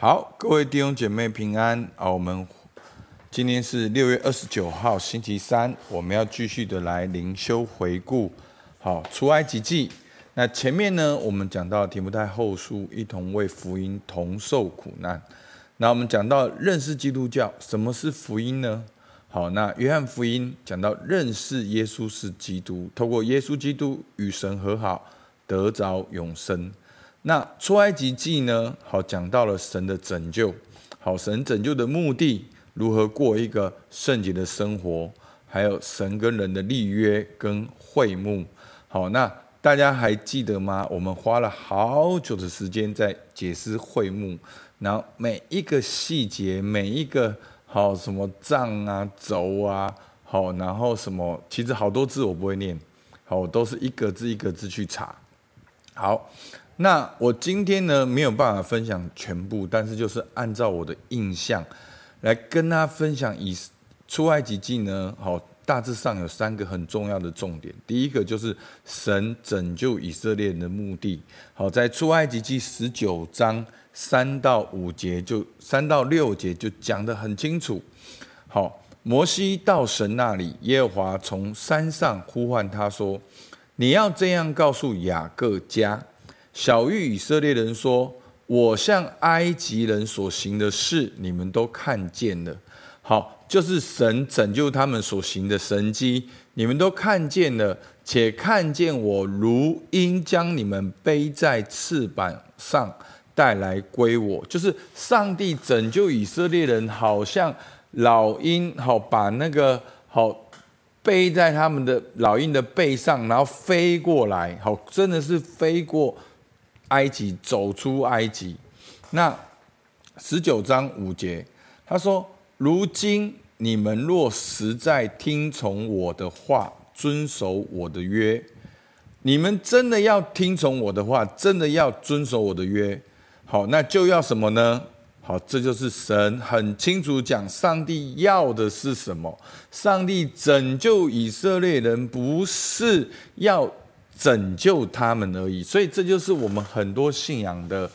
好，各位弟兄姐妹平安啊！我們今天是六月二十九號星期三，我們要繼續的來靈修回顧。好，出埃及記。那前面呢，我們講到提摩太後書，一同為福音同受苦難。那我們講到認識基督教，什麼是福音呢？好，那約翰福音講到認識耶穌是基督，透過耶穌基督與神和好，得着永生。那出埃及記呢？好，講到了神的拯救，好，神拯救的目的，如何過一個聖潔的生活，還有神跟人的立約跟會幕。好，那大家還記得嗎？我們花了好久的時間在解釋會幕，然後每一個細節，每一個好什麼杖啊、軸啊，好，然後什麼其實好多字我不會念，好，我都是一個字一個字去查。好。那我今天呢沒有辦法分享全部，但是就是按照我的印象來跟他分享以出埃及記呢，好，大致上有三個很重要的重點。第一個就是神拯救以色列人的目的，好，在出埃及記十九章三到五節就三到六節就講得很清楚。好，摩西到神那裡，耶和華從山上呼喚他說：“你要這樣告訴雅各家。”曉諭以色列人說：“我向埃及人所行的事，你們都看見了。好，就是神拯救他們所行的神蹟，你們都看見了，且看見我如鷹將你們背在翅膀上帶來歸我。就是上帝拯救以色列人，好像老鷹，好把那個好背在他們的老鷹的背上，然後飛過來，好，真的是飛過。”埃及走出埃及，那十九章五節，他說：“如今你們若實在聽從我的話，遵守我的約。你們真的要聽從我的話，真的要遵守我的約。好，那就要什麼呢？好，這就是神很清楚講，上帝要的是什麼？上帝拯救以色列人，不是要。”拯救他們而已，所以這就是我們很多信仰的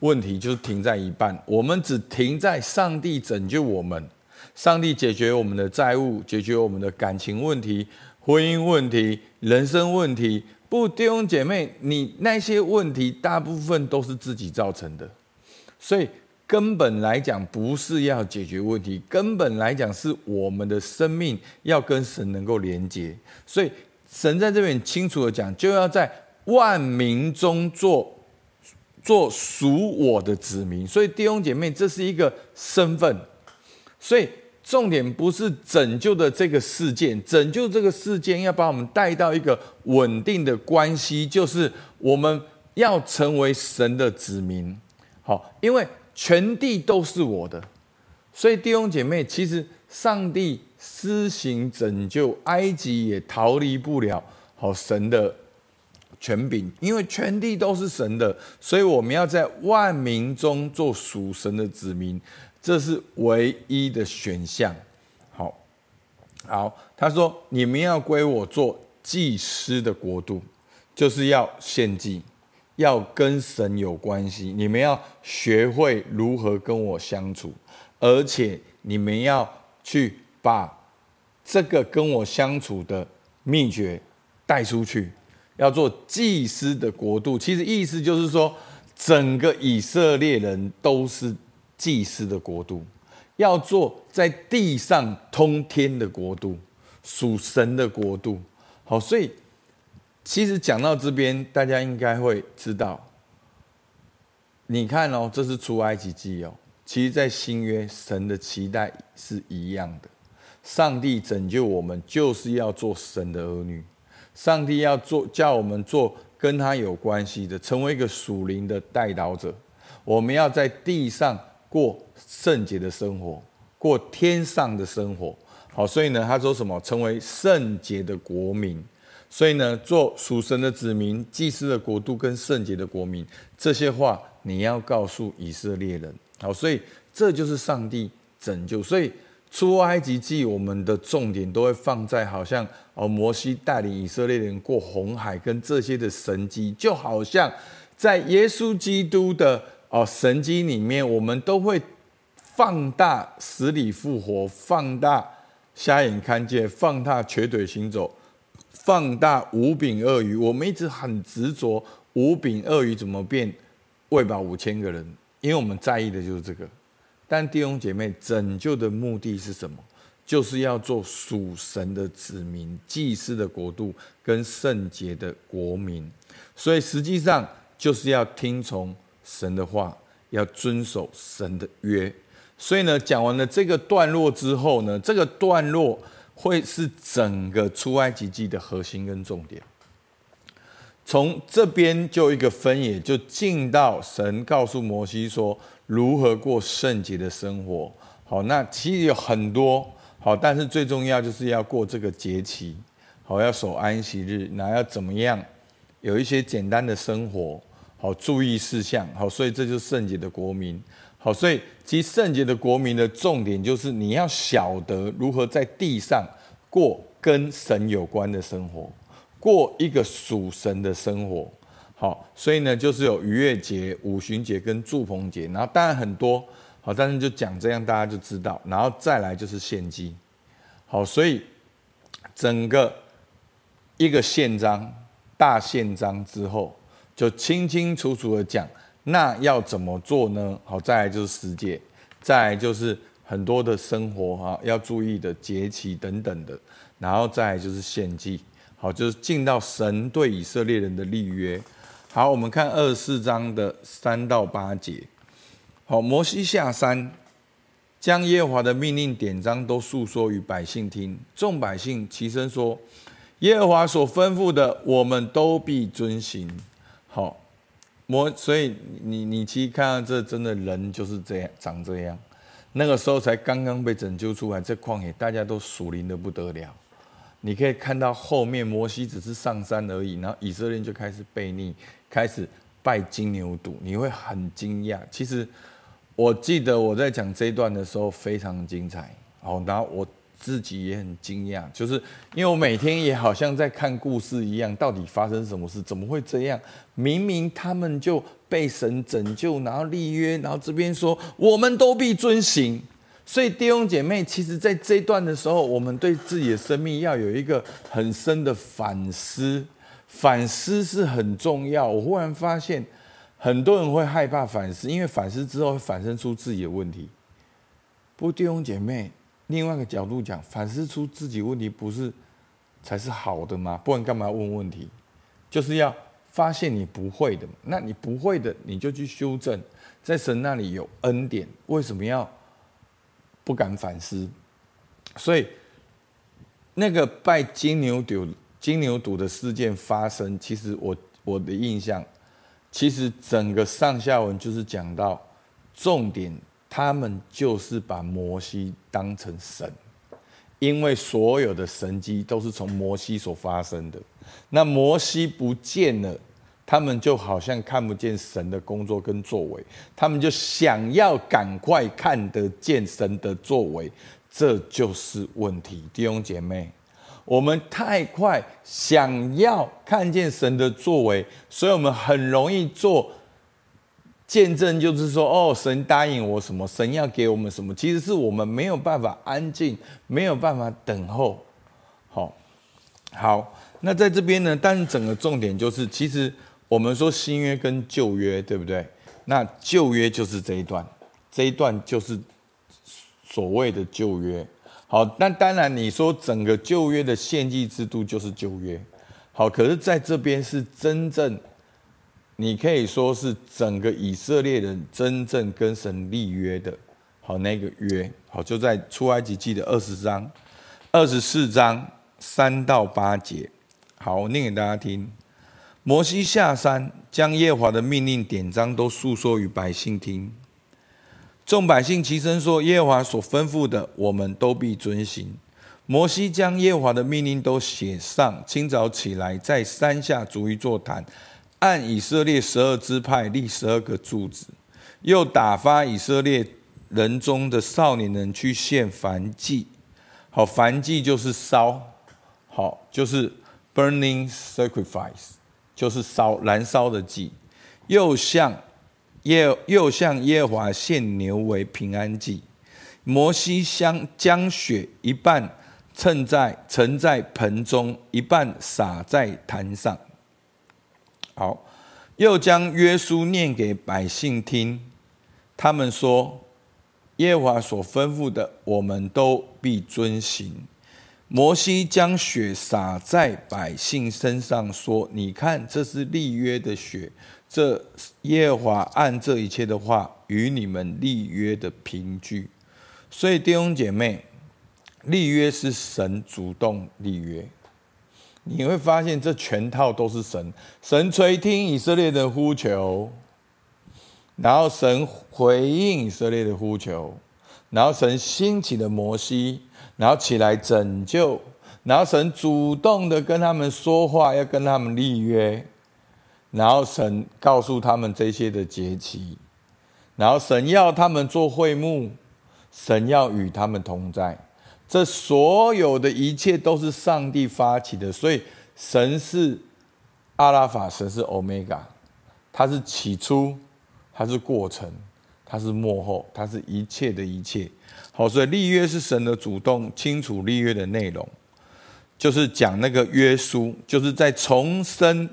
問題，就停在一半。我們只停在上帝拯救我們，上帝解決我們的債務，解決我們的感情問題、婚姻問題、人生問題。不，弟兄姐妹，你那些問題大部分都是自己造成的，所以根本來講不是要解決問題，根本來講是我們的生命要跟神能夠連接，所以。神在這邊清楚的講，就要在萬民中做做屬我的子民。所以弟兄姐妹，這是一個身份。所以重點不是拯救的這個事件，拯救這個事件要把我們帶到一個穩定的關係，就是我們要成為神的子民。好，因為全地都是我的。所以弟兄姐妹，其實上帝。施行拯救，埃及也逃離不了好，神的權柄，因為全地都是神的，所以我們要在萬民中做屬神的子民，這是唯一的選項。好，好，他說：“你們要歸我做祭司的國度，就是要獻祭，要跟神有關係。你們要學會如何跟我相處，而且你們要去。”把這個跟我相處的秘訣帶出去，要做祭司的國度。其實意思就是說，整個以色列人都是祭司的國度，要做在地上通天的國度，屬神的國度。好，所以其實講到這邊，大家應該會知道，你看哦，這是出埃及記哦。其實，在新約，神的期待是一樣的。上帝拯救我們，就是要做神的兒女。上帝要做，叫我們做跟他有關係的，成為一個屬靈的代禱者。我們要在地上過聖潔的生活，過天上的生活。好，所以呢，他說什麼？成為聖潔的國民。所以呢，做屬神的子民、祭司的國度跟聖潔的國民，這些話你要告訴以色列人。好，所以這就是上帝拯救。所以。出埃及記，我們的重點都會放在好像哦，摩西帶領以色列人過紅海跟這些的神蹟，就好像在耶穌基督的哦神蹟裡面，我們都會放大死裡復活，放大瞎眼看見，放大瘸腿行走，放大五餅二魚。我們一直很執着五餅二魚怎麼變餵飽五千個人，因為我們在意的就是這個。但弟兄姐妹，拯救的目的是什麼？就是要做屬神的子民、祭司的國度跟聖潔的國民。所以實際上就是要聽從神的話，要遵守神的約。所以呢，講完了這個段落之後呢，這個段落會是整個出埃及記的核心跟重點。從這邊就一個分野，就進到神告訴摩西說。如何過聖潔的生活？好，那其實有很多，好，但是最重要就是要過這個節期，好，要守安息日，那要怎麼樣？有一些簡單的生活，好，注意事項，好，所以這就是聖潔的國民，好，所以其實聖潔的國民的重點就是你要曉得如何在地上過跟神有關的生活，過一個屬神的生活。所以呢，就是有逾越節、五旬節跟住棚節，然後當然很多好，但是就講這樣，大家就知道。然後再來就是獻祭，好，所以整個一個憲章、大憲章之後，就清清楚楚的講，那要怎麼做呢？好，再來就是時節，再來就是很多的生活哈，要注意的節期等等的，然後再來就是獻祭，好，就是進到神對以色列人的立約。好，我們看二十四章的三到八節。好，摩西下山，將耶和華的命令典章都述說與百姓聽，眾百姓齊聲說：“耶和華所吩咐的，我們都必遵行。”好，摩所以你你其實看到這，真的人就是這樣長這樣。那個時候才剛剛被拯救出來，這曠野大家都屬靈的不得了。你可以看到後面，摩西只是上山而已，然後以色列就開始悖逆。開始拜金牛犢，你會很驚訝。其實，我記得我在講這一段的時候非常精彩。然後我自己也很驚訝，就是因為我每天也好像在看故事一樣，到底發生什麼事？怎麼會這樣？明明他們就被神拯救，然後立約，然後這邊說我們都必遵行。所以弟兄姐妹，其實在這一段的時候，我們對自己的生命要有一個很深的反思。反思是很重要。我忽然發現，很多人會害怕反思，因為反思之後會反思出自己的問題。不過弟兄姐妹，另外一個角度講，反思出自己問題不是才是好的嗎？不然幹嘛問問題？就是要發現你不會的，那你不會的，你就去修正。在神那裡有恩典，為什麼要不敢反思？所以那個拜金牛丟。金牛犢的事件發生，其實我我的印象，其實整個上下文就是講到重點，他們就是把摩西當成神，因為所有的神蹟都是從摩西所發生的，那摩西不見了，他們就好像看不見神的工作跟作為，他們就想要趕快看得見神的作為，這就是問題，弟兄姐妹。我們太快想要看見神的作為，所以我們很容易做見證，就是說：“哦，神答應我什麼？神要給我們什麼？”其實是我們沒有辦法安靜，沒有辦法等候。好、哦，好，那在這邊呢？但是整個重點就是，其實我們說新約跟舊約，對不對？那舊約就是這一段，這一段就是所謂的舊約。好，那當然你說整個舊約的獻祭制，制度就是舊約，好，可是在這邊是真正，你可以說是整個以色列人真正跟神立約的好，好那個約好，好就在出埃及記的二十章、二十四章三到八節，好，我念給大家聽。摩西下山，將耶和華的命令典章都述說與百姓聽。眾百姓齊聲說：“耶和華所吩咐的，我們都必遵行。”摩西將耶和華的命令都寫上，清早起來，在山下築一座壇，按以色列十二支派立十二個柱子，又打發以色列人中的少年人去獻燔祭。好，燔祭就是燒，好就是 burning sacrifice，就是燒，燃燒的祭。又向……又向耶和華獻牛為平安祭，摩西香將將血一半盛在盛在盆中，一半灑在壇上。好，又將約書念給百姓聽。他們說：“耶和華所吩咐的，我們都必遵行。”摩西將血灑在百姓身上，說：“你看，這是立約的血。”這耶和華按這一切的話與你們立約的憑據。所以弟兄姐妹，立約是神主動立約。你會發現，這全套都是神。神垂聽以色列的呼求，然後神回應以色列的呼求，然後神興起的摩西，然後起來拯救，然後神主動的跟他們說話，要跟他們立約。然後神告訴他們這些的節期，然後神要他們做會幕，神要與他們同在，這所有的一切都是上帝發起的，所以神是阿拉法，神是歐米伽，他是起初，他是過程，他是末後，他是一切的一切。好，所以立約是神的主動，清楚立約的內容，就是講那個約書，就是在重生。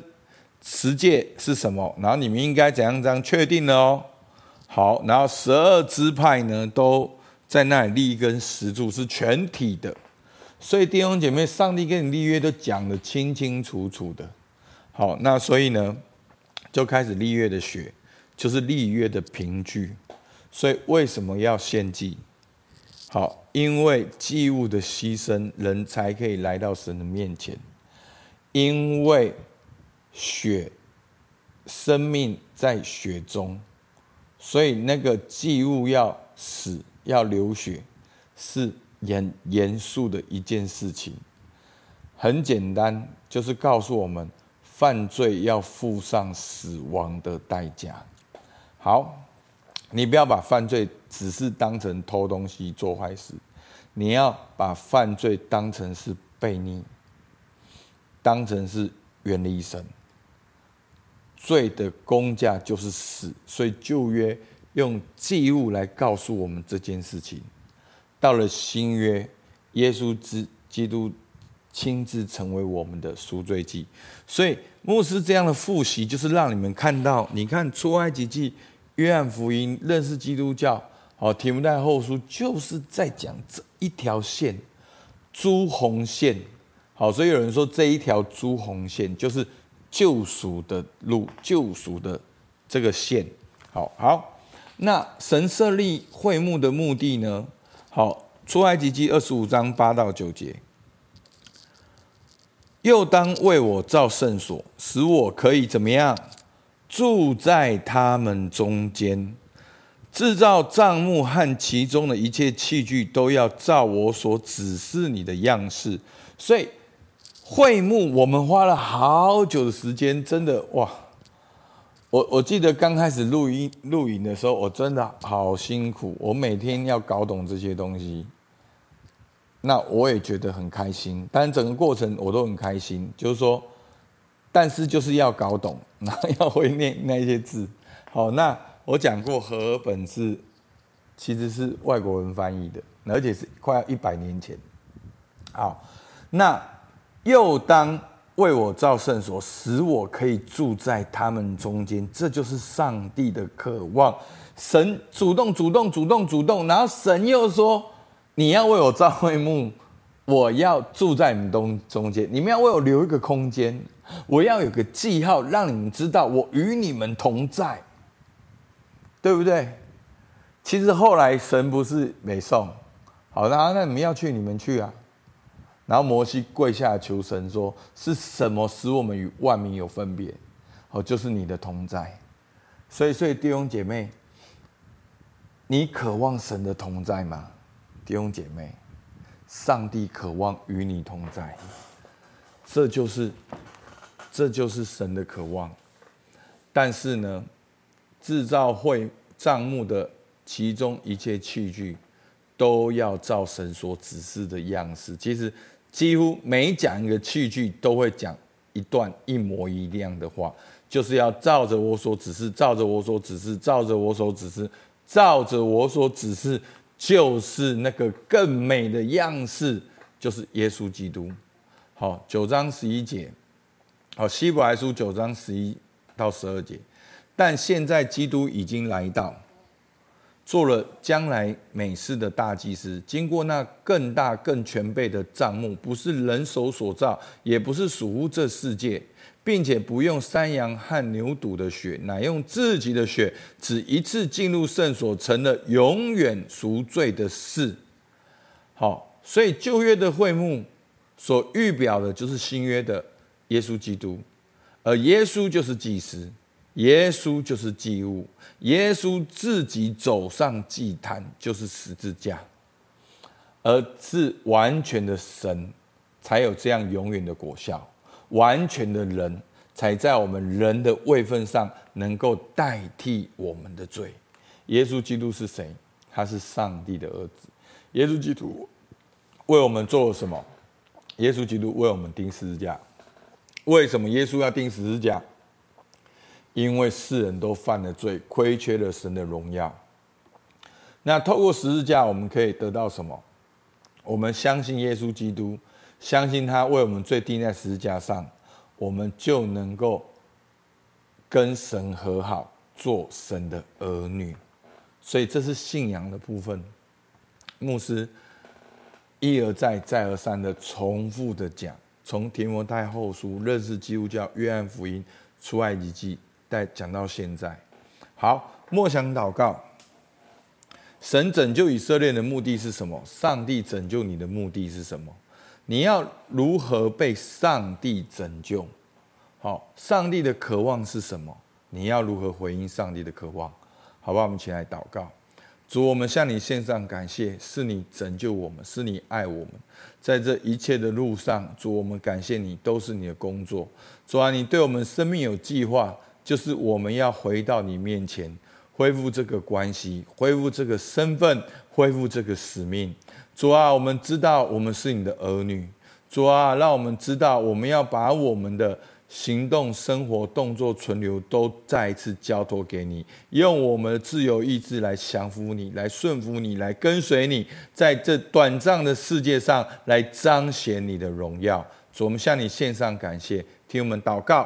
十誡是什麼？然後你們應該怎樣，這樣確定了哦？好，然後十二支派呢，都在那裡立一根石柱，是全體的。所以弟兄姐妹，上帝跟你立約都講得清清楚楚的。好，那所以呢，就開始立約的血，就是立約的憑據。所以為什麼要獻祭？好，因為祭物的犧牲，人才可以來到神的面前。因為血，生命在血中，所以那個祭物要死，要流血，是嚴嚴肅的一件事情。很簡單，就是告訴我們，犯罪要付上死亡的代價。好，你不要把犯罪只是當成偷東西、做壞事，你要把犯罪當成是悖逆，當成是遠離神。罪的工價就是死，所以舊約用祭物來告訴我們這件事情。到了新約，耶穌之基督親自成為我們的贖罪祭，所以牧師這樣的複習就是讓你們看到，你看出埃及記、約翰福音、認識基督教、好，提摩太後書，就是在講這一條線，朱紅線。好，所以有人說這一條朱紅線就是。救贖的路，救贖的這個線，好好。那神設立會幕的目的呢？好，出埃及記二十五章八到九節，又當為我造聖所，使我可以怎麼樣住在他們中間？製造帳幕和其中的一切器具，都要照我所指示你的樣式。所以。會幕，我們花了好久的時間，真的哇！我我記得剛開始錄音錄影的時候，我真的好辛苦，我每天要搞懂這些東西，那我也覺得很開心。但整個過程我都很開心，就是說，但是就是要搞懂，然後要會念那些字。好，那我講過和合本其實是外國人翻譯的，而且是快要一百年前。好，那。又當為我造聖所，使我可以住在他們中間。這就是上帝的渴望。神主動、主動、主動、主動，然後神又說：“你要為我造會幕，我要住在你們東中間。你們要為我留一個空間，我要有個記號，讓你們知道我與你們同在，對不對？”其實後來神不是沒送，好，那那你們要去，你們去啊。然後摩西跪下求神說：“是什麼使我們與萬民有分別？哦，就是你的同在。所以，所以弟兄姐妹，你渴望神的同在嗎？弟兄姐妹，上帝渴望與你同在，這就是，這就是神的渴望。但是呢，制造會帳幕的其中一切器具，都要照神所指示的樣式。其實。幾乎每講一個器具，都會講一段一模一樣的話，就是要照着我所指示，照着我所指示，照着我所指示，照着我所指示，我所指示就是那個更美的樣式，就是耶穌基督。好，九章十一節，好，希伯來書九章十一到十二節，但現在基督已經來到。做了將來美事的大祭司，經過那更大更全備的帳幕，不是人手所造，也不是屬乎這世界，並且不用山羊和牛犢的血，乃用自己的血，只一次進入聖所，成了永遠贖罪的事。好，所以舊約的會幕所預表的，就是新約的耶穌基督，而耶穌就是祭司。耶穌就是祭物，耶穌自己走上祭壇就是十字架，而是完全的神才有這樣永遠的果效，完全的人才在我們人的位份上能夠代替我們的罪。耶穌基督是誰？他是上帝的兒子。耶穌基督為我們做了什麼？耶穌基督為我們釘十字架。為什麼耶穌要釘十字架？因為世人都犯了罪，虧缺了神的榮耀。那透過十字架，我們可以得到什麼？我們相信耶穌基督，相信他為我們罪釘在十字架上，我們就能夠跟神和好，做神的兒女。所以，這是信仰的部分。牧師一而再、再而三的重複的講，從《提摩太後書》認識基督教，《約翰福音》、《出埃及記》。再講到現在，好，默想禱告。神拯救以色列的目的是什麼？上帝拯救你的目的是什麼？你要如何被上帝拯救？好，上帝的渴望是什麼？你要如何回應上帝的渴望？好吧，我們起來禱告。主，我們向你獻上感謝，是你拯救我們，是你愛我們，在這一切的路上，主，我們感謝你，都是你的工作。主啊，你對我們生命有計劃。就是我們要回到你面前，恢復這個關係，恢復這個身份，恢復這個使命。主啊，我們知道我們是你的兒女。主啊，讓我們知道我們要把我們的行動、生活、動作、存留都再一次交托給你，用我們的自由意志來降服你，來順服你，來跟隨你，在這短暫的世界上來彰顯你的榮耀。主，我們向你獻上感謝，聽我們禱告。